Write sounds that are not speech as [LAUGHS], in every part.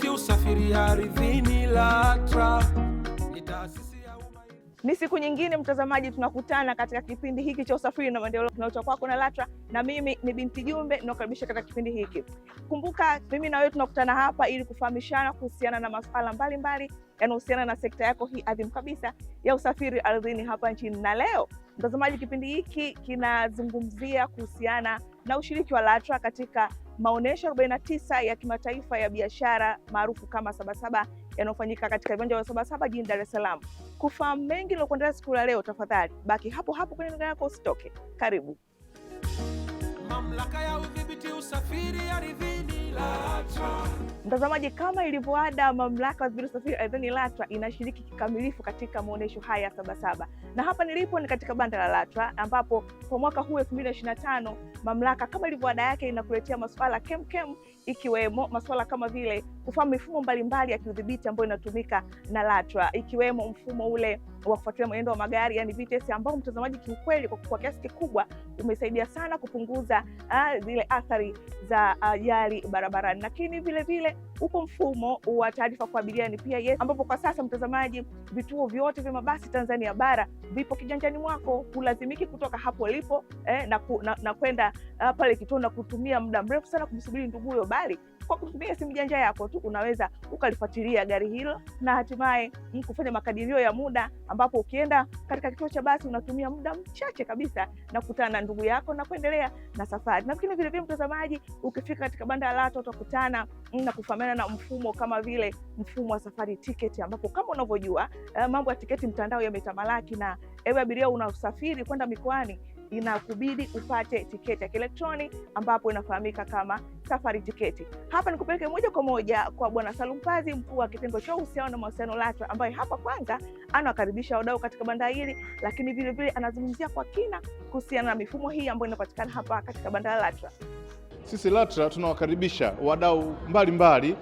kushiriki usafiri ardhini LATRA. Ni siku nyingine mtazamaji, tunakutana katika kipindi hiki cha usafiri na maendeleo kinachotoka kwako na LATRA, na mimi ni Binti Jumbe ninakukaribisha katika kipindi hiki. Kumbuka mimi na wewe tunakutana hapa ili kufahamishana kuhusiana na masuala mbalimbali yanahusiana na sekta yako hii adhimu kabisa ya usafiri ardhini hapa nchini. Na leo mtazamaji, kipindi hiki kinazungumzia kuhusiana na ushiriki wa LATRA katika maonyesho 49 ya kimataifa ya biashara maarufu kama Sabasaba yanayofanyika katika viwanja vya Sabasaba jijini Dar es Salaam. Kufahamu mengi liokuendelea siku ya leo, tafadhali baki hapo hapo kwenye nanga yako, usitoke. Karibu mamlaka ya udhibiti usafiri ardhini LATRA. Mtazamaji, kama ilivyoada, mamlaka ya udhibiti usafiri ardhini LATRA inashiriki kikamilifu katika maonesho haya ya Sabasaba, na hapa nilipo ni katika banda la LATRA ambapo kwa mwaka huu 2025 mamlaka kama ilivyoada yake inakuletea masuala kemkem ikiwemo masuala kama vile kufahamu mifumo mbalimbali ya kiudhibiti ambayo inatumika na LATRA, ikiwemo mfumo ule wa kufuatilia mwenendo wa magari yani VTS, ambao mtazamaji, kiukweli, kwa kiasi kikubwa umesaidia sana kupunguza uh, zile athari za ajali uh, barabarani. Lakini vile vile upo mfumo wa taarifa kwa abiria ni yes, ambapo kwa sasa mtazamaji, vituo vyote vya mabasi Tanzania bara vipo kijanjani mwako, hulazimiki kutoka hapo ulipo eh, na kwenda uh, pale kituo na kutumia muda mrefu sana kumsubiri ndugu huyo bali kwa kutumia simu janja yako tu unaweza ukalifuatilia gari hilo na hatimaye kufanya makadirio ya muda, ambapo ukienda katika kituo cha basi unatumia muda mchache kabisa na kukutana na ndugu yako na kuendelea na safari. Lakini vilevile, mtazamaji, ukifika katika banda la LATRA utakutana na kufahamiana na mfumo kama vile mfumo wa safari tiketi, ambapo kama unavyojua eh, mambo ya tiketi mtandao yametamalaki, na ewe abiria unasafiri kwenda mikoani inakubidi upate tiketi ya kielektroni ambapo inafahamika kama safari tiketi. Hapa nikupeleke moja kwa moja kwa Bwana Salum Pazi, mkuu wa kitengo cha uhusiano na mahusiano LATRA, ambaye hapa kwanza anawakaribisha wadau katika banda hili, lakini vilevile anazungumzia kwa kina kuhusiana na mifumo hii ambayo inapatikana hapa katika banda la LATRA. Sisi LATRA tunawakaribisha wadau mbalimbali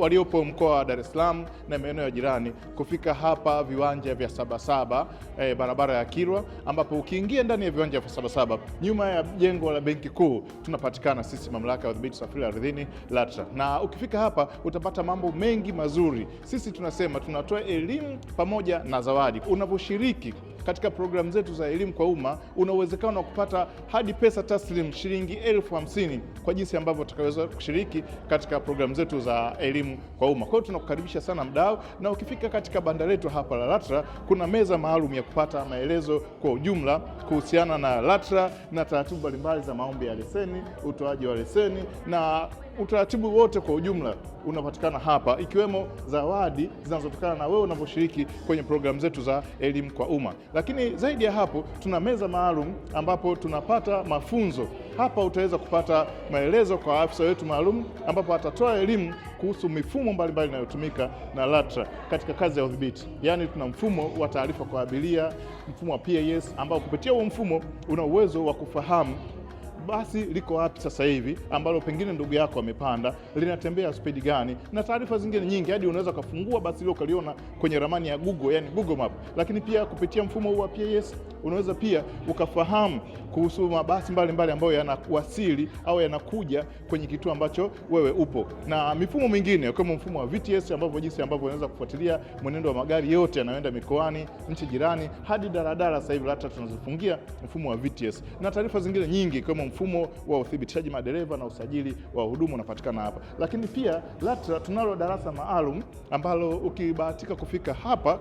waliopo mkoa wa Dar es Salaam na maeneo ya jirani kufika hapa viwanja vya Sabasaba e, barabara ya kirwa ambapo ukiingia ndani ya viwanja vya Sabasaba nyuma ya jengo la Benki Kuu tunapatikana sisi, mamlaka ya udhibiti usafiri ardhini LATRA, na ukifika hapa utapata mambo mengi mazuri. Sisi tunasema tunatoa elimu pamoja na zawadi. Unaposhiriki katika programu zetu za elimu kwa umma una uwezekano wa kupata hadi pesa taslim shilingi elfu hamsini kwa jinsi ambavyo utakaweza kushiriki katika programu zetu za elimu kwa umma. Kwa hiyo tunakukaribisha sana mdau, na ukifika katika banda letu hapa la LATRA kuna meza maalum ya kupata maelezo kwa ujumla kuhusiana na LATRA na taratibu mbalimbali za maombi ya leseni, utoaji wa leseni na utaratibu wote kwa ujumla unapatikana hapa, ikiwemo zawadi zinazotokana na wewe unavyoshiriki kwenye programu zetu za elimu kwa umma. Lakini zaidi ya hapo, tuna meza maalum ambapo tunapata mafunzo hapa. Utaweza kupata maelezo kwa afisa wetu maalum, ambapo atatoa elimu kuhusu mifumo mbalimbali inayotumika na LATRA katika kazi ya udhibiti. Yaani tuna mfumo wa taarifa kwa abiria, mfumo wa PAS ambao kupitia huo mfumo una uwezo wa kufahamu basi liko wapi sasa hivi, ambalo pengine ndugu yako amepanda, linatembea spidi gani, na taarifa zingine nyingi, hadi unaweza ukafungua basi hilo ukaliona kwenye ramani ya Google, yani Google Map. Lakini pia kupitia mfumo huu wa PIS unaweza pia ukafahamu kuhusu mabasi mbalimbali ambayo yanawasili au yanakuja kwenye kituo ambacho wewe upo, na mifumo mingine kama mfumo wa VTS ambavyo jinsi ambavyo unaweza kufuatilia mwenendo wa magari yote yanayoenda mikoani, nchi jirani hadi daradara. Sasa hivi hata tunazofungia mfumo wa VTS na taarifa zingine nyingi kama mfumo wa uthibitishaji madereva na usajili wa huduma unapatikana hapa, lakini pia LATRA tunalo darasa maalum ambalo ukibahatika kufika hapa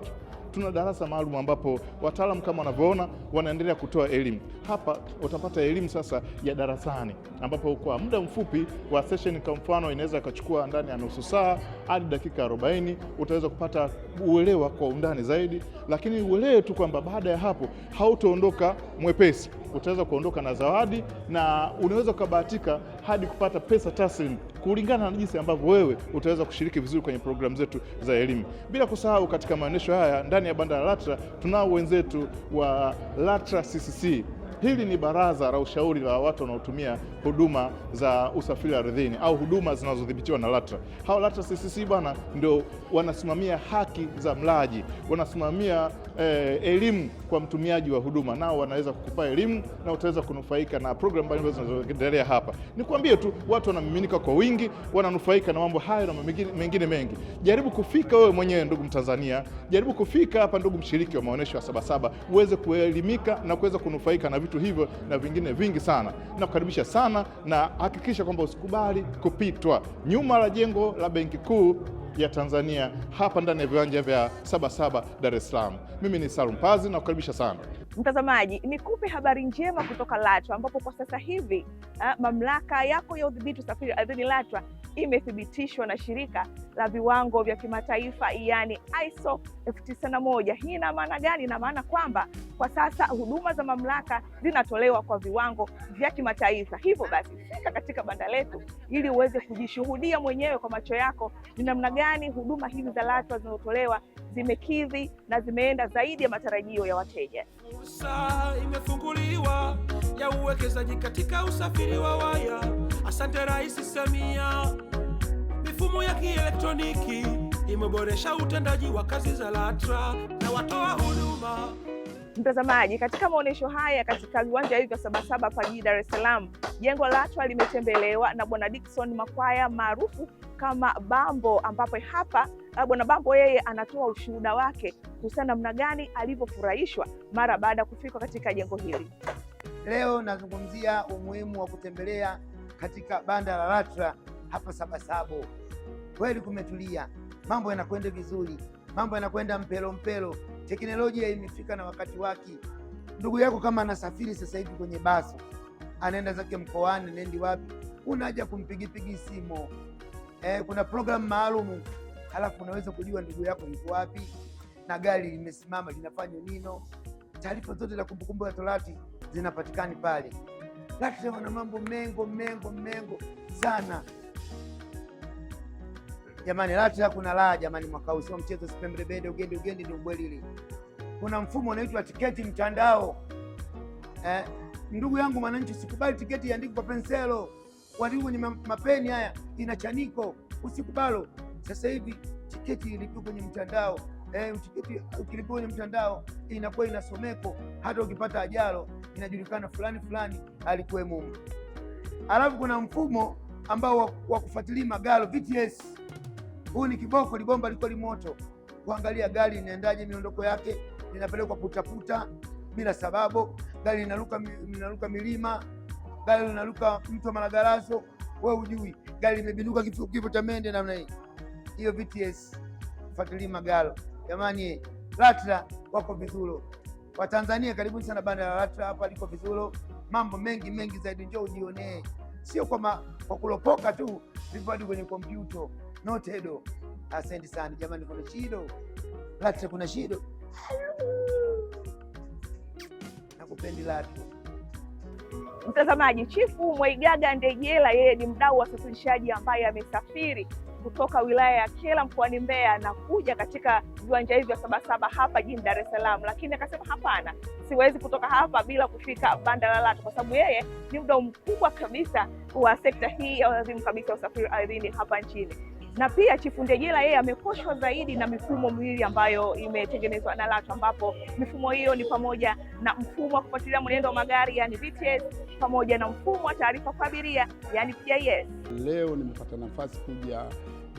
tuna darasa maalum ambapo wataalamu kama wanavyoona wanaendelea kutoa elimu hapa. Utapata elimu sasa ya darasani, ambapo kwa muda mfupi wa session, kwa mfano, inaweza ikachukua ndani ya nusu saa hadi dakika 40, utaweza kupata uelewa kwa undani zaidi, lakini uelewe tu kwamba baada ya hapo hautoondoka mwepesi, utaweza kuondoka na zawadi na unaweza ukabahatika hadi kupata pesa taslimu kulingana na jinsi ambavyo wewe utaweza kushiriki vizuri kwenye programu zetu za elimu. Bila kusahau katika maonyesho haya ndani ya banda la LATRA tunao wenzetu wa LATRA CCC Hili ni baraza la ushauri la watu wanaotumia huduma za usafiri ardhini au huduma zinazodhibitiwa na LATRA. Hawa LATRA CCC bwana, ndio wanasimamia haki za mlaji, wanasimamia eh, elimu kwa mtumiaji wa huduma, nao wanaweza kukupa elimu na utaweza kunufaika na programu mbalimbali zinazoendelea hapa. kuambie tu watu wanamiminika kwa wingi, wananufaika na mambo hayo na mengine mengi. Jaribu kufika wewe mwenyewe ndugu Mtanzania, jaribu kufika hapa ndugu mshiriki wa maonyesho ya Sabasaba uweze kuelimika na kuweza kunufaika na vitu hivyo na vingine vingi sana. Nakukaribisha sana na hakikisha kwamba usikubali kupitwa nyuma la jengo la Benki Kuu ya Tanzania hapa ndani ya viwanja vya Sabasaba Dar es Salaam. Mimi ni Salum Pazi na kukaribisha sana. Mtazamaji, nikupe habari njema kutoka LATRA ambapo kwa sasa hivi ha, eh, mamlaka yako ya udhibiti usafiri ardhini LATRA imethibitishwa na shirika la viwango vya kimataifa yani ISO 9001. Hii ina maana gani? Ina maana kwamba kwa sasa huduma za mamlaka zinatolewa kwa viwango vya kimataifa. Hivyo basi, fika katika banda letu ili uweze kujishuhudia mwenyewe kwa macho yako ni namna gani huduma hizi za LATRA zinazotolewa zimekidhi na zimeenda zaidi ya matarajio ya wateja saa imefunguliwa ya uwekezaji katika usafiri wa waya. Asante Rais Samia. Mifumo ya kielektroniki imeboresha utendaji wa kazi za LATRA na watoa huduma. Mtazamaji, katika maonyesho haya katika viwanja hivi vya Sabasaba hapa jijini Dar es Salaam, jengo la LATRA limetembelewa na Bwana Dickson Makwaya maarufu kama Bambo, ambapo hapa Ah, Bwana Bambo yeye anatoa ushuhuda wake kuhusiana namna gani alivyofurahishwa mara baada ya kufika katika jengo hili. Leo nazungumzia umuhimu wa kutembelea katika banda la LATRA hapa Sabasabo. Kweli kumetulia, mambo yanakwenda vizuri, mambo yanakwenda mpelo mpelo, teknolojia imefika na wakati wake. Ndugu yako kama anasafiri sasa hivi kwenye basi, anaenda zake mkoani, nendi wapi, unaja kumpigipigi simo eh, kuna programu maalumu halafu unaweza kujua ndugu yako yuko wapi na gari limesimama linafanya nino. Taarifa zote za kumbukumbu ya torati zinapatikani pale. Lakini wana mambo mengo mengo mengo sana jamani. LATRA kuna raha jamani, mwaka huu sio mchezo, sipembelebede ugende ugende ndio ubwelili. Kuna mfumo unaitwa tiketi mtandao eh, ndugu yangu mwananchi, usikubali tiketi iandikwe kwa penselo, waliu kwenye mapeni haya ina chaniko, usikubalo. Sasa hivi tiketi ilipiwa kwenye mtandao eh, tiketi ukilipiwa kwenye mtandao inakuwa inasomeko, hata ukipata ajalo inajulikana fulani fulani alikuwemo humo. Alafu kuna mfumo ambao wa kufuatilia magalo VTS. Huu ni kiboko, libomba liko limoto, kuangalia gari inaendaje, miondoko yake, linapelekwa putaputa bila sababu, gari linaruka linaruka milima, gari linaruka mto Malagarazo, wewe ujui gari limebinduka kifo cha mende namna hii hiyo BTS fuatilia Magalo jamani, LATRA wako vizuri Watanzania, karibuni sana banda la LATRA hapa liko vizuri. Mambo mengi mengi zaidi, njoo ujionee, sio kwa kwa kulopoka tu, vipo hadi kwenye kompyuta notedo hedo. Asante sana jamani, kuna shido LATRA, kuna shido. Nakupendi LATRA. Mtazamaji, Chifu Mwaigaga Ndejela, yeye ni mdau wa usafirishaji ambaye amesafiri kutoka wilaya ya Kyela mkoani Mbeya na kuja katika viwanja hivi vya Sabasaba hapa jijini Dar es Salaam, lakini akasema hapana, siwezi kutoka hapa bila kufika banda la LATRA kwa sababu yeye ni mdau mkubwa kabisa wa sekta hii ya wadhimu kabisa usafiri ardhini hapa nchini na pia Chifu Ndejela yeye amekoshwa zaidi na mifumo miwili ambayo imetengenezwa na LATRA, ambapo mifumo hiyo ni pamoja na mfumo wa kufuatilia mwenendo wa magari yani VTS, pamoja na mfumo wa taarifa kwa abiria yani PIS. Leo nimepata nafasi kuja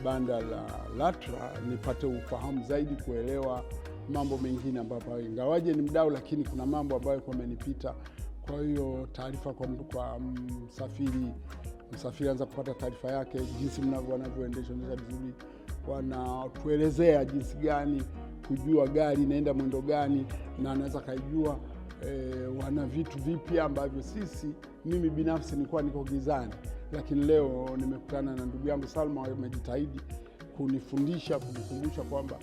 banda la LATRA nipate ufahamu zaidi kuelewa mambo mengine ambapo, ingawaje ni mdau, lakini kuna mambo ambayo kwamenipita. Kwa hiyo taarifa kwa msafiri msafiri anza kupata taarifa yake, jinsi wanavyoendesha ndesha vizuri, wanatuelezea jinsi gani kujua gari inaenda mwendo gani, na anaweza kaijua e, eh, wana vitu vipya ambavyo sisi, mimi binafsi nilikuwa niko gizani, lakini leo nimekutana na ndugu yangu Salma, amejitahidi kunifundisha kunikumbusha kwamba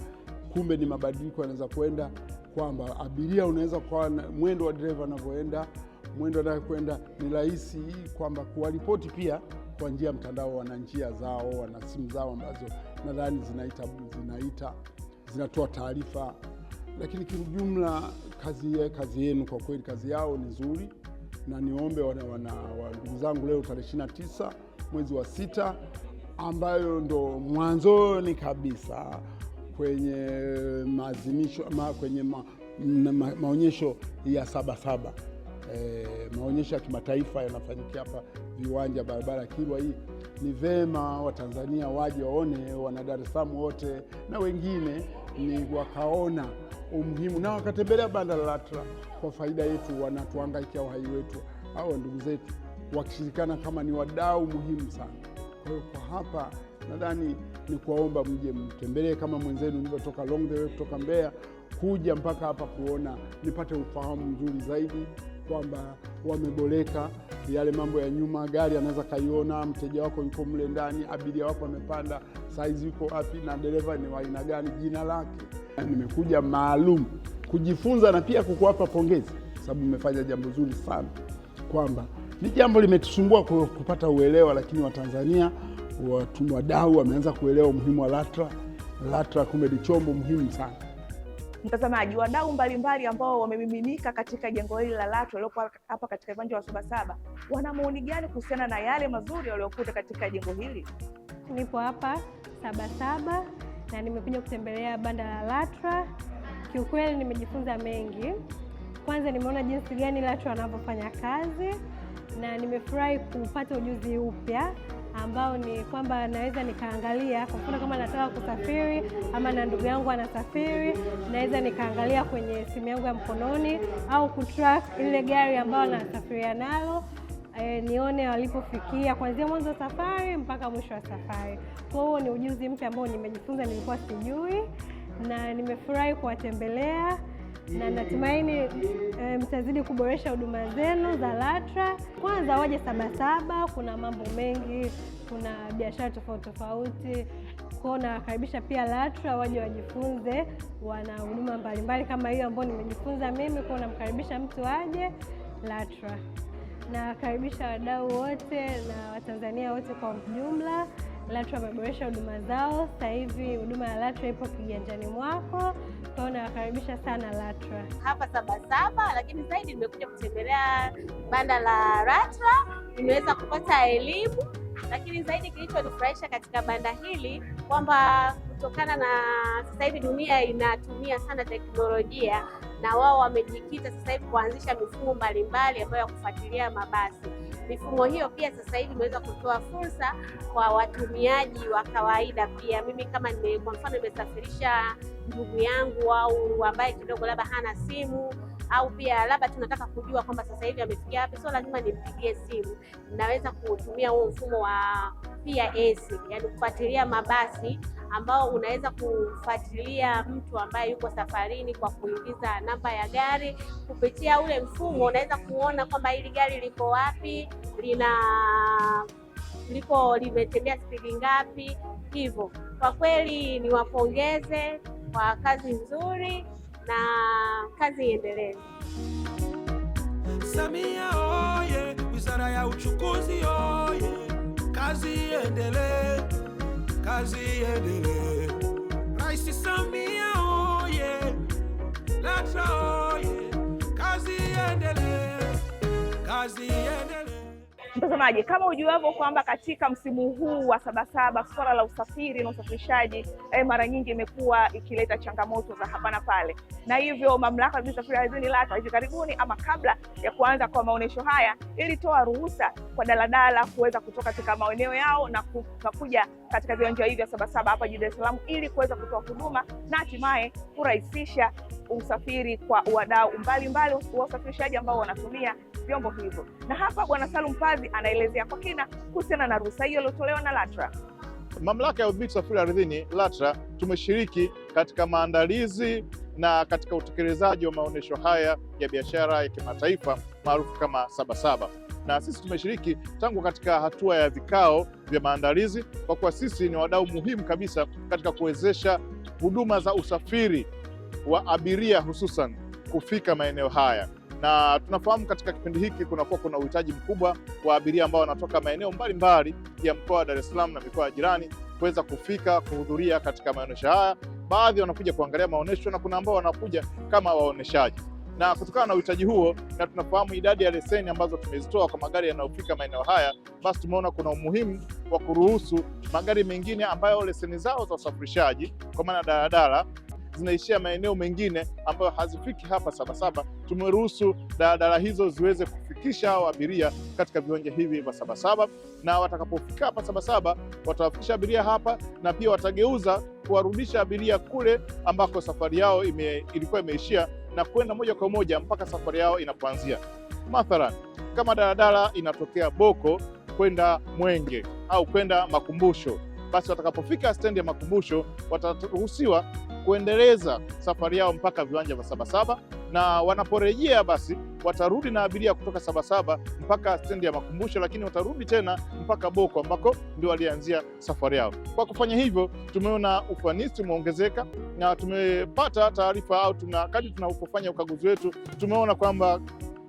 kumbe ni mabadiliko yanaweza kwenda, kwamba abiria unaweza kwa mwendo wa dereva anavyoenda mwendo anayokwenda ni rahisi, kwamba kuwaripoti pia kwa njia ya mtandao, wana njia zao, wana simu zao ambazo nadhani zinaita, zinaita zinatoa taarifa. Lakini kiujumla, kazi, kazi yenu kwa kweli, kazi yao ni nzuri, na niombe ndugu zangu, leo tarehe 29 mwezi wa sita ambayo ndo mwanzoni kabisa kwenye maazimisho ma, kwenye ma, ma, ma, maonyesho ya Sabasaba e, maonyesho ya kimataifa yanafanyika hapa viwanja barabara ya Kilwa hii. Ni vema Watanzania waje waone, wana Dar es Salaam wote na wengine ni wakaona umuhimu na wakatembelea banda la LATRA kwa faida yetu, wanatuangaikia uhai wetu, au ndugu zetu wakishirikana kama ni wadau muhimu sana. Kwa hiyo kwa hapa nadhani ni kuwaomba mje mtembelee, kama mwenzenu nilivyotoka long the way kutoka Mbeya kuja mpaka hapa kuona, nipate ufahamu mzuri zaidi kwamba wameboleka yale mambo ya nyuma, gari anaweza kaiona, mteja wako yuko mle ndani, abiria wako amepanda, saizi yuko wapi, na dereva ni wa aina gani, jina lake. Nimekuja maalum kujifunza na pia kukuwapa pongezi, sababu mmefanya jambo zuri sana, kwamba ni jambo limetusumbua kupata uelewa, lakini Watanzania watumwa dau wameanza kuelewa umuhimu wa LATRA. LATRA kumbe ni chombo muhimu sana mtazamaji, wadau mbalimbali ambao wamemiminika katika jengo hili la LATRA waliokuwa hapa katika viwanja wa Sabasaba wana maoni gani kuhusiana na yale mazuri waliokuta katika jengo hili? Nipo hapa Sabasaba na nimekuja kutembelea banda la LATRA. Kiukweli nimejifunza mengi. Kwanza nimeona jinsi gani LATRA wanavyofanya kazi na nimefurahi kupata ujuzi upya ambao ni kwamba naweza nikaangalia, kwa mfano kama nataka kusafiri ama na ndugu yangu anasafiri, naweza nikaangalia kwenye simu yangu ya mkononi au kutrack ile gari ambayo anasafiria nalo. E, nione walipofikia kuanzia mwanzo wa safari mpaka mwisho wa safari. Kwa hiyo ni ujuzi mpya ambao nimejifunza, nilikuwa sijui, na nimefurahi kuwatembelea na natumaini e, mtazidi kuboresha huduma zenu za LATRA. Kwanza waje Sabasaba, kuna mambo mengi, kuna biashara tofauti tofauti kwao. Nawakaribisha pia LATRA waje wajifunze, wana huduma mbalimbali kama hiyo ambayo nimejifunza mimi kwao. Namkaribisha mtu aje LATRA, nawakaribisha wadau wote na Watanzania wote kwa ujumla. LATRA ameboresha huduma zao. Sasa hivi huduma ya LATRA ipo kiganjani mwako, kwa nawakaribisha sana LATRA hapa Sabasaba, lakini zaidi nimekuja kutembelea banda la LATRA, nimeweza kupata elimu, lakini zaidi kilichonifurahisha katika banda hili kwamba kutokana na sasa hivi dunia inatumia sana teknolojia na wao wamejikita sasa hivi kuanzisha mifumo mbalimbali ambayo ya kufuatilia mabasi mifumo hiyo pia sasa hivi imeweza kutoa fursa kwa watumiaji wa kawaida pia. Mimi kama nime, kwa mfano nimesafirisha ndugu yangu au ambaye kidogo labda hana simu au pia labda tunataka kujua kwamba sasa hivi amefikia wapi, so lazima nimpigie simu. Naweza kutumia huo mfumo wa PIS, yani kufuatilia mabasi ambao unaweza kufuatilia mtu ambaye yuko safarini kwa kuingiza namba ya gari. Kupitia ule mfumo unaweza kuona kwamba hili gari liko wapi, lina liko limetembea spidi ngapi. Hivyo kwa kweli niwapongeze kwa kazi nzuri na kazi iendelee. Samia oye! Wizara ya Uchukuzi oye! Kazi iendelee, kazi iendelee. Rais Samia oye! LATRA oye! Kazi iendelee, kazi iendelee. Mtazamaji, kama ujuavyo kwamba katika msimu huu wa Sabasaba swala la usafiri na usafirishaji eh, mara nyingi imekuwa ikileta changamoto za hapa na pale, na hivyo mamlaka za usafiri ardhini LATRA hivi karibuni ama kabla ya kuanza kwa maonyesho haya ilitoa ruhusa kwa daladala kuweza kutoka katika maeneo yao na kukuja katika viwanja hivi vya Sabasaba hapa jijini Dar es Salaam ili kuweza kutoa huduma na hatimaye kurahisisha usafiri kwa wadau mbalimbali wa usafirishaji ambao wanatumia vyombo hivyo. Na hapa Bwana Salum Pazi anaelezea kwa kina kuhusiana na ruhusa hiyo iliyotolewa na LATRA. Mamlaka ya Udhibiti Usafiri Ardhini LATRA tumeshiriki katika maandalizi na katika utekelezaji wa maonyesho haya ya biashara ya kimataifa maarufu kama Sabasaba na sisi tumeshiriki tangu katika hatua ya vikao vya maandalizi, kwa kuwa sisi ni wadau muhimu kabisa katika kuwezesha huduma za usafiri wa abiria hususan kufika maeneo haya na tunafahamu katika kipindi hiki kunakuwa kuna uhitaji mkubwa wa abiria ambao wanatoka maeneo mbalimbali ya mkoa wa Dar es Salaam na mikoa ya jirani kuweza kufika kuhudhuria katika maonyesho haya. Baadhi wanakuja kuangalia maonyesho na kuna ambao wanakuja kama waoneshaji na kutokana na uhitaji huo na tunafahamu idadi ya leseni ambazo tumezitoa kwa magari yanayofika maeneo haya, basi tumeona kuna umuhimu wa kuruhusu magari mengine ambayo leseni zao za usafirishaji kwa maana daladala zinaishia maeneo mengine ambayo hazifiki hapa Sabasaba. Tumeruhusu daladala hizo ziweze kufikisha hao abiria katika viwanja hivi vya Sabasaba, na watakapofika hapa Sabasaba watawafikisha abiria hapa, na pia watageuza kuwarudisha abiria kule ambako safari yao ime, ilikuwa imeishia na kwenda moja kwa moja mpaka safari yao inapoanzia. Mathalan, kama daladala inatokea Boko kwenda Mwenge au kwenda Makumbusho, basi watakapofika stendi ya Makumbusho wataruhusiwa kuendeleza safari yao mpaka viwanja vya Sabasaba, na wanaporejea basi watarudi na abiria kutoka Sabasaba mpaka stendi ya Makumbusho, lakini watarudi tena mpaka Boko ambako ndio walianzia safari yao. Kwa kufanya hivyo, tumeona ufanisi umeongezeka na tumepata taarifa au tuna tunapofanya ukaguzi wetu tumeona kwamba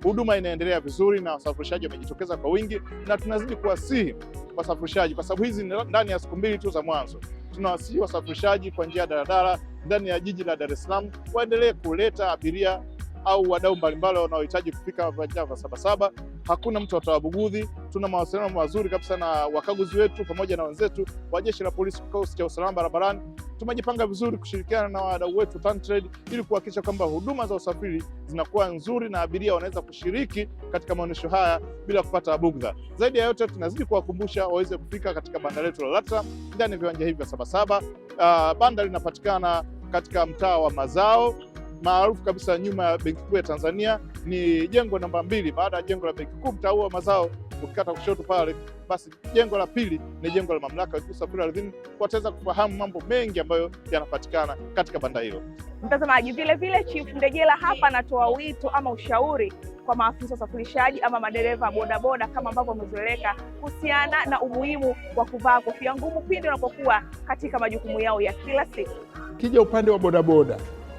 huduma inaendelea vizuri na wasafirishaji wamejitokeza kwa wingi, na tunazidi kuwasihi wasafirishaji kwa sababu hizi ndani ya siku mbili tu za mwanzo tunawasihi wasafirishaji kwa njia ya daladala ndani ya jiji la Dar es Salaam waendelee kuleta abiria au wadau mbalimbali wanaohitaji kufika viwanja vya Sabasaba. Hakuna mtu atawabugudhi. Tuna mawasiliano mazuri kabisa na wakaguzi wetu pamoja na wenzetu wa Jeshi la Polisi, kikosi cha usalama barabarani tumejipanga vizuri kushirikiana na wadau wetu TanTrade ili kuhakikisha kwamba huduma za usafiri zinakuwa nzuri na abiria wanaweza kushiriki katika maonyesho haya bila kupata bugdha. Zaidi ya yote, tunazidi kuwakumbusha waweze kufika katika banda letu la LATRA ndani ya viwanja hivi vya Sabasaba. Uh, banda linapatikana katika mtaa wa Mazao maarufu kabisa nyuma ya Benki Kuu ya Tanzania. Ni jengo namba mbili baada ya jengo la Benki Kuu, mtaa wa Mazao ukikata kushoto pale, basi jengo la pili ni jengo la mamlaka ya usafiri ardhini, wataweza kufahamu mambo mengi ambayo yanapatikana katika banda hilo. Mtazamaji, vile vile Chief Ndegela hapa anatoa wito ama ushauri kwa maafisa usafirishaji ama madereva bodaboda kama ambavyo wamezoeleka kuhusiana na umuhimu wa kuvaa kofia ngumu pindi wanapokuwa katika majukumu yao ya kila siku. Kija upande wa bodaboda,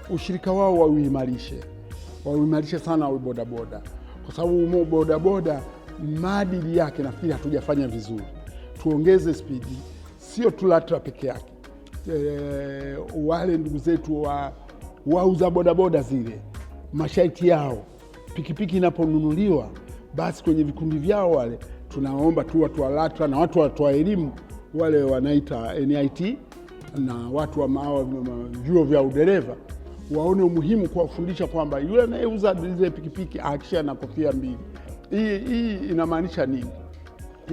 ushirika wao wauimarishe, wauimarishe sana wa bodaboda, kwa sababu umo bodaboda maadili yake nafikiri hatujafanya vizuri. Tuongeze spidi, sio tu LATRA peke yake. E, wale ndugu zetu wa wauza bodaboda zile masharti yao, pikipiki inaponunuliwa basi kwenye vikundi vyao wale, tunaomba tu watu wa LATRA na watu watoa elimu wale wanaita NIT na watu wa vyuo vya udereva waone umuhimu kuwafundisha kwamba yule anayeuza zile pikipiki akisha na kofia mbili hii, hii inamaanisha nini?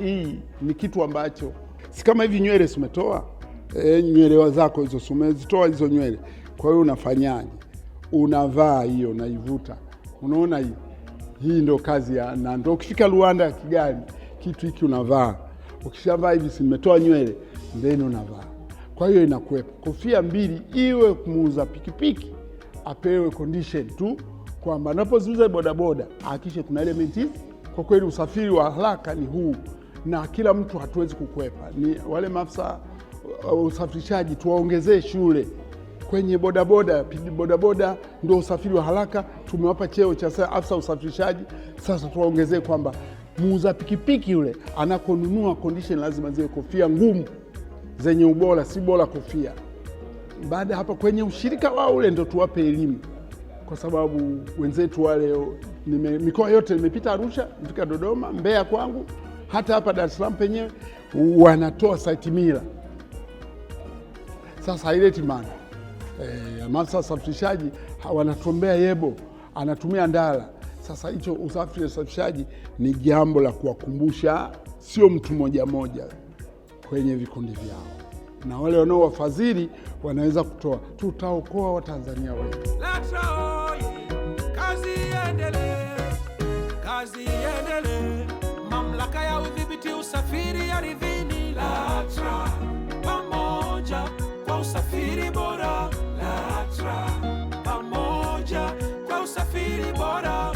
Hii ni kitu ambacho si kama hivi nywele simetoa e, eh, nywele zako hizo sumezitoa hizo nywele. Kwa hiyo unafanyaje? Unavaa hiyo naivuta, unaona hii hii ndio kazi ya nando. Ukifika Rwanda ya Kigali, kitu hiki unavaa. Ukishavaa hivi, simetoa nywele ndeni unavaa. Kwa hiyo inakuwepo kofia mbili, iwe muuza pikipiki apewe condition tu kwamba anapozuza bodaboda hakikishe kuna elementi. Kwa kweli usafiri wa haraka ni huu, na kila mtu hatuwezi kukwepa. Ni wale maafisa uh, usafirishaji tuwaongezee shule kwenye bodaboda. Bodaboda ndio usafiri wa haraka, tumewapa cheo cha afisa usafirishaji. Sasa tuwaongezee kwamba muuza pikipiki yule anakonunua kondisheni lazima ziwe kofia ngumu zenye ubora, si bora kofia. Baada ya hapa, kwenye ushirika wao ule ndo tuwape elimu kwa sababu wenzetu wale nime, mikoa yote nimepita, Arusha, nimefika Dodoma, Mbeya kwangu, hata hapa Dar es Salaam penyewe wanatoa saitimila. Sasa haileti maana e, eh, masa safirishaji yebo, anatumia ndala. Sasa hicho usafiri wa usafirishaji ni jambo la kuwakumbusha, sio mtu moja moja kwenye vikundi vyao, na wale wanaowafadhili wanaweza kutoa, tutaokoa watanzania wengi. Kazi iendelee, kazi iendelee. Mamlaka ya udhibiti usafiri ardhini LATRA, pamoja kwa usafiri bora. LATRA, pamoja kwa usafiri bora.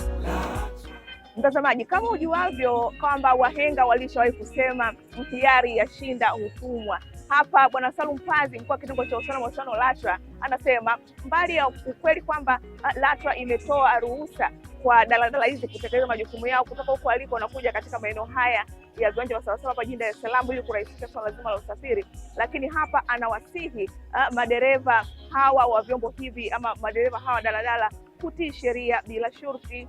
Mtazamaji, kama ujuavyo kwamba wahenga walishawahi kusema mtiari yashinda utumwa. Hapa Bwana Salum Pazi, mkuu wa kitengo cha uhusiano mahusiano LATRA, anasema mbali ya ukweli kwamba uh, LATRA imetoa ruhusa kwa daladala hizi kutekeleza majukumu yao kutoka huko aliko wanakuja katika maeneo haya ya viwanja vya Sawasawa hapa jijini Dar es Salaam ili kurahisisha swala zima la usafiri, lakini hapa anawasihi uh, madereva hawa wa vyombo hivi ama madereva hawa daladala kutii sheria bila shurti.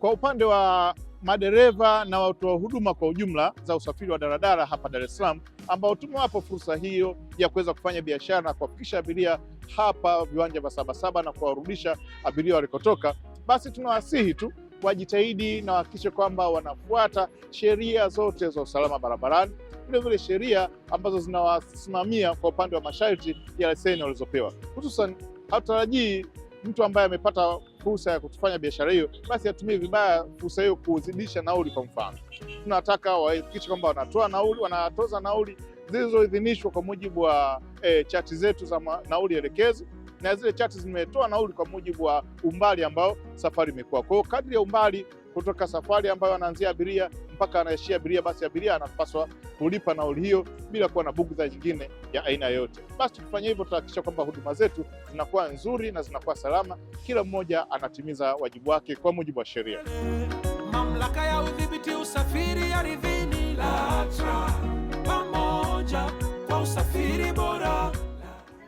Kwa upande wa madereva na watoa huduma kwa ujumla za usafiri wa daladala hapa Dar es Salaam, ambao tumewapo fursa hiyo ya kuweza kufanya biashara na kuwafikisha abiria hapa viwanja vya Sabasaba na kuwarudisha abiria walikotoka, basi tunawasihi tu wajitahidi na wahakikishe kwamba wanafuata sheria zote za usalama barabarani, vilevile sheria ambazo zinawasimamia kwa upande wa masharti ya leseni walizopewa. Hususan hatutarajii mtu ambaye amepata fursa ya kufanya biashara hiyo, basi atumie vibaya fursa hiyo kuzidisha nauli. Kwa mfano, tunataka wahakikishe kwamba wanatoa nauli, wanatoza nauli zilizoidhinishwa kwa mujibu wa e, chati zetu za nauli elekezi na zile chati zimetoa nauli kwa mujibu wa umbali ambao safari imekuwa. Kwa hiyo kadri ya umbali kutoka safari ambayo anaanzia abiria mpaka anaishia abiria, basi abiria anapaswa kulipa nauli hiyo bila kuwa na bugdha nyingine ya aina yoyote. Basi tukifanya hivyo, tutahakikisha kwamba huduma zetu zinakuwa nzuri na zinakuwa salama, kila mmoja anatimiza wajibu wake kwa mujibu wa sheria. Mamlaka ya udhibiti usafiri ardhini LATRA, pamoja kwa usafiri bora.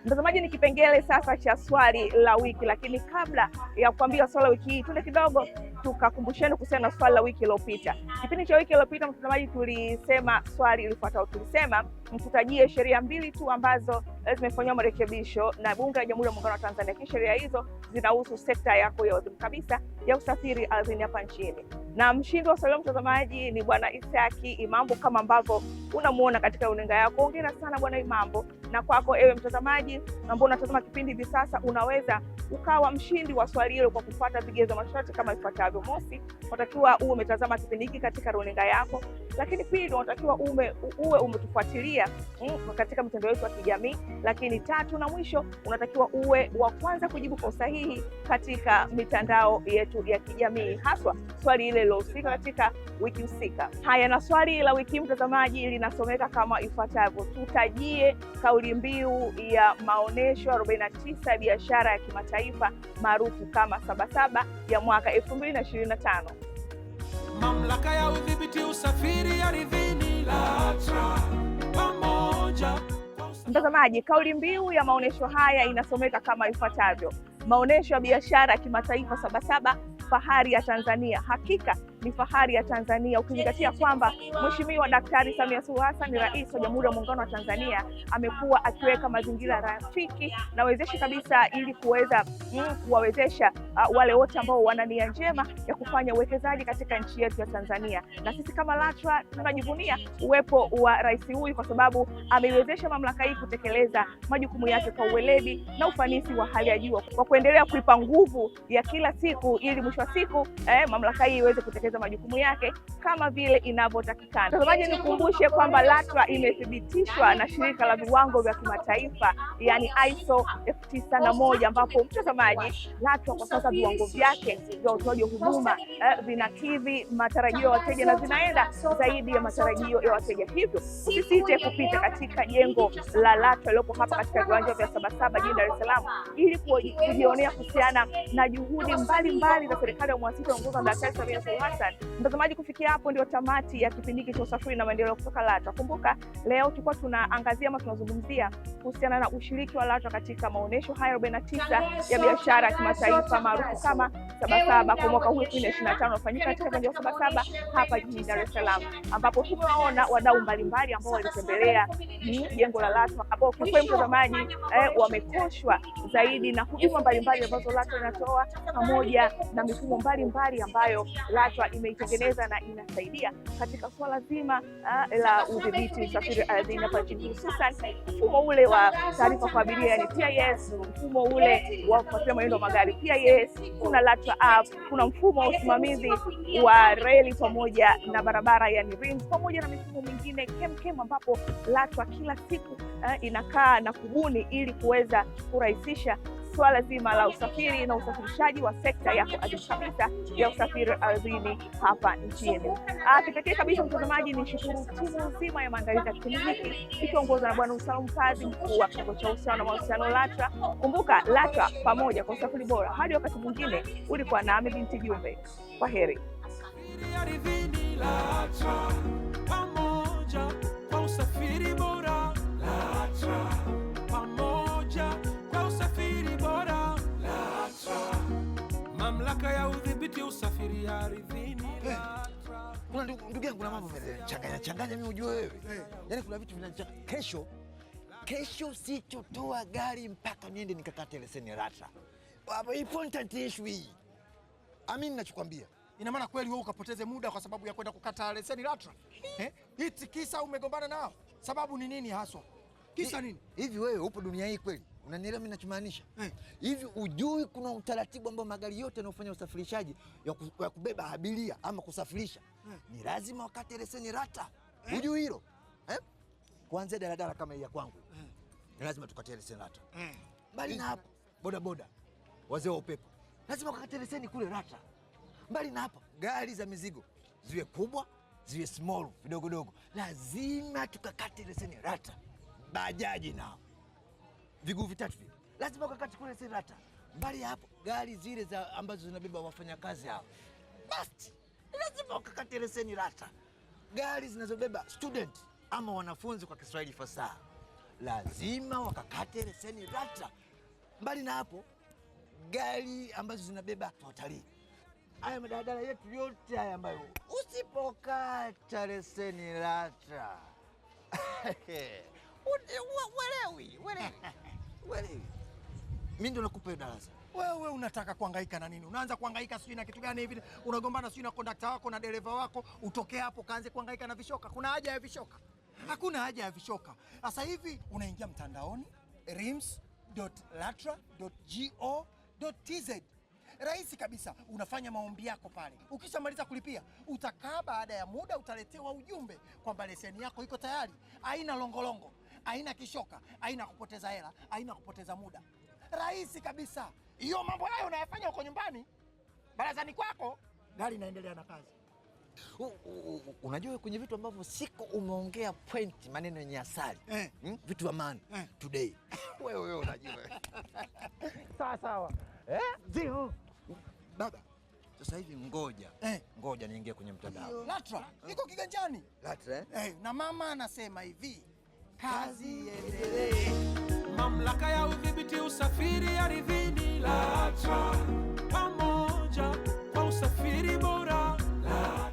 Mtazamaji, ni kipengele sasa cha swali la wiki, lakini kabla ya kuambia swali la wiki hii, tuende kidogo tukakumbushane kuhusiana na swali la wiki iliyopita. Kipindi cha wiki iliyopita, mtazamaji, tulisema swali lifuatao, tulisema mkutajie sheria mbili tu ambazo eh, zimefanyiwa marekebisho na Bunge la Jamhuri ya Muungano wa Tanzania, lakini sheria hizo zinahusu sekta yako yote kabisa ya usafiri ardhini hapa nchini na mshindi wa salamu mtazamaji ni Bwana Isaki Imambo, kama ambavyo unamuona katika runinga yako. Hongera sana Bwana Imambo, na kwako ewe mtazamaji ambao unatazama kipindi hivi sasa, unaweza ukawa mshindi wa swali hilo kwa kufuata vigezo masharti kama ifuatavyo. Mosi, unatakiwa uwe umetazama kipindi hiki katika runinga yako, lakini pili, unatakiwa ume, uwe umetufuatilia mm, katika mitandao yetu ya kijamii. Lakini tatu na mwisho, unatakiwa uwe wa kwanza kujibu kwa usahihi katika mitandao yetu ya kijamii, haswa swali ile lilohusika katika wiki husika. Haya, na swali la wiki mtazamaji linasomeka kama ifuatavyo: tutajie kauli mbiu ya maonyesho 49 ya biashara ya kimataifa maarufu kama Sabasaba ya mwaka 2025 mamlaka ya udhibiti usafiri ardhini LATRA pamoja. Mtazamaji, kauli mbiu ya maonesho haya inasomeka kama ifuatavyo: maonesho ya biashara ya kimataifa Sabasaba, fahari ya Tanzania. Hakika ni fahari ya Tanzania, ukizingatia kwamba Mheshimiwa Daktari Samia Suluhu Hassan ni rais wa Jamhuri ya Muungano wa Tanzania, amekuwa akiweka mazingira rafiki na wezeshi kabisa ili kuweza mm, kuwawezesha uh, wale wote ambao wana nia njema ya kufanya uwekezaji katika nchi yetu ya Tanzania. Na sisi kama LATRA tunajivunia uwepo wa rais huyu kwa sababu ameiwezesha mamlaka hii kutekeleza majukumu yake kwa uweledi na ufanisi wa hali ya juu, kwa kuendelea kuipa nguvu ya kila siku ili mwisho wa siku eh, mamlaka hii iweze kutekeleza kutekeleza majukumu yake kama vile inavyotakikana. Mtazamaji, nikumbushe kwamba LATRA imethibitishwa na shirika la viwango vya kimataifa yani ISO elfu tisa moja ambapo mtazamaji, LATRA kwa sasa viwango vyake vya utoaji wa huduma eh, vinakidhi matarajio ya wateja na zinaenda zaidi ya matarajio ya wateja, hivyo usisite kupita katika jengo la LATRA iliopo hapa katika viwanja vya Sabasaba jijini Dar es Salaam ili kujionea kuhusiana na juhudi mbalimbali za serikali ya mwasisi wa uongozi za Daktari Samia Suluhu hususan. Mtazamaji, kufikia hapo ndio tamati ya kipindi hiki cha usafiri na maendeleo kutoka LATRA. Kumbuka leo tulikuwa tunaangazia ama tunazungumzia kuhusiana na ushiriki wa LATRA katika maonyesho haya 49 ya biashara ya kimataifa maarufu kama Sabasaba kwa mwaka huu 2025 unafanyika katika uwanja wa Sabasaba hapa jijini Dar es Salaam, ambapo tunaona wadau mbalimbali ambao walitembelea jengo la LATRA ambao kwa kweli mtazamaji, eh, wamekoshwa zaidi na huduma mbalimbali ambazo LATRA inatoa pamoja na mifumo mbalimbali ambayo LATRA imeitengeneza na inasaidia katika suala zima ah, la udhibiti usafiri ardhini hapa nchini, hususan mfumo ule wa taarifa kwa abiria yani PIS, mfumo ule wa kufuatilia mwenendo wa magari PIS, kuna LATRA app, kuna mfumo wa usimamizi wa reli pamoja na barabara yani RIMS, pamoja na mifumo mingine kemkem ambapo LATRA kila siku uh, inakaa na kubuni ili kuweza kurahisisha suala zima la usafiri na usafirishaji wa sekta yako adhimu kabisa ya usafiri ardhini hapa nchini. Ah, kipekee kabisa mtazamaji, ni shukuru timu nzima ya maandalizi ya kipindi hiki ikiongozwa na Bwana Usalum Kadhi, mkuu wa kitengo cha uhusiano na mahusiano LATRA. Kumbuka LATRA, pamoja kwa usafiri bora. Hadi wakati mwingine, ulikuwa nami Binti Jumbe, kwa heri. pamoja kwa usafiri bora. LATRA. Mamlaka ya udhibiti usafiri ardhini. Eh, ndugu yangu, kuna mambo changanya changanya, mimi ujue wewe, eh. yaani kuna vitu vinanichanganya. Kesho kesho sitotoa gari mpaka niende nikakate leseni RATRA. Important issue hii, amini nachokwambia. Ina maana kweli wewe ukapoteze muda kwa sababu ya kwenda kukata leseni rata Eh? Eti kisa umegombana nao, sababu ni nini haswa? Kisa nini? Hivi wewe upo dunia hii kweli? Unanielewa mimi ninachomaanisha? Eh. Hivi hey, ujui kuna utaratibu ambao magari yote yanayofanya usafirishaji ya kubeba abiria ama kusafirisha hey, eh. ni lazima wakati leseni rata hey. Eh. Ujui hilo eh? Kuanzia daladala kama hii ya kwangu hey, ni lazima tukatie leseni rata hey. Mbali hey, na hapo bodaboda, wazee wa upepo lazima wakate leseni kule rata. Mbali na hapo, gari za mizigo ziwe kubwa ziwe small vidogodogo, lazima tukakate leseni rata bajaji nao viguu vitatu vile lazima kakati kule Serata. Mbali ya hapo, gari zile za ambazo zinabeba wafanyakazi hao, basi lazima ukakate leseni Rata. Gari zinazobeba student ama wanafunzi kwa Kiswahili fasaha lazima wakakate leseni Rata. Mbali na hapo, gari ambazo zinabeba watalii, haya madaladala yetu yote haya ambayo usipokata leseni Rata [LAUGHS] Mimi [LAUGHS] ndio nakupa hiyo darasa. Wewe unataka kuhangaika na nini? Unaanza kuhangaika sijui na kitu gani hivi, unagombana sijui na kondakta wako na dereva wako, utoke hapo kaanze kuhangaika na vishoka. Kuna haja ya vishoka? Hakuna haja ya vishoka. Sasa hivi unaingia mtandaoni rims.latra.go.tz rahisi kabisa, unafanya maombi yako pale. Ukishamaliza kulipia, utakaa, baada ya muda utaletewa ujumbe kwamba leseni yako iko tayari, haina longolongo haina kishoka, haina kupoteza hela, haina kupoteza muda, rahisi kabisa. Hiyo mambo hayo unayafanya huko nyumbani barazani kwako, gari inaendelea na kazi. Unajua, kwenye vitu ambavyo siko umeongea point, maneno yenye asali eh, hmm? vitu vya maana eh, today [LAUGHS] wewe wewe unajua [LAUGHS] sawa sawa eh? Ndio dada sasa hivi ngoja eh, ngoja niingie kwenye mtandao LATRA, niko kiganjani LATRA eh, eh na mama anasema hivi kazi iendelee. Mamlaka ya udhibiti usafiri ardhini LATRA, pamoja kwa usafiri bora LATRA.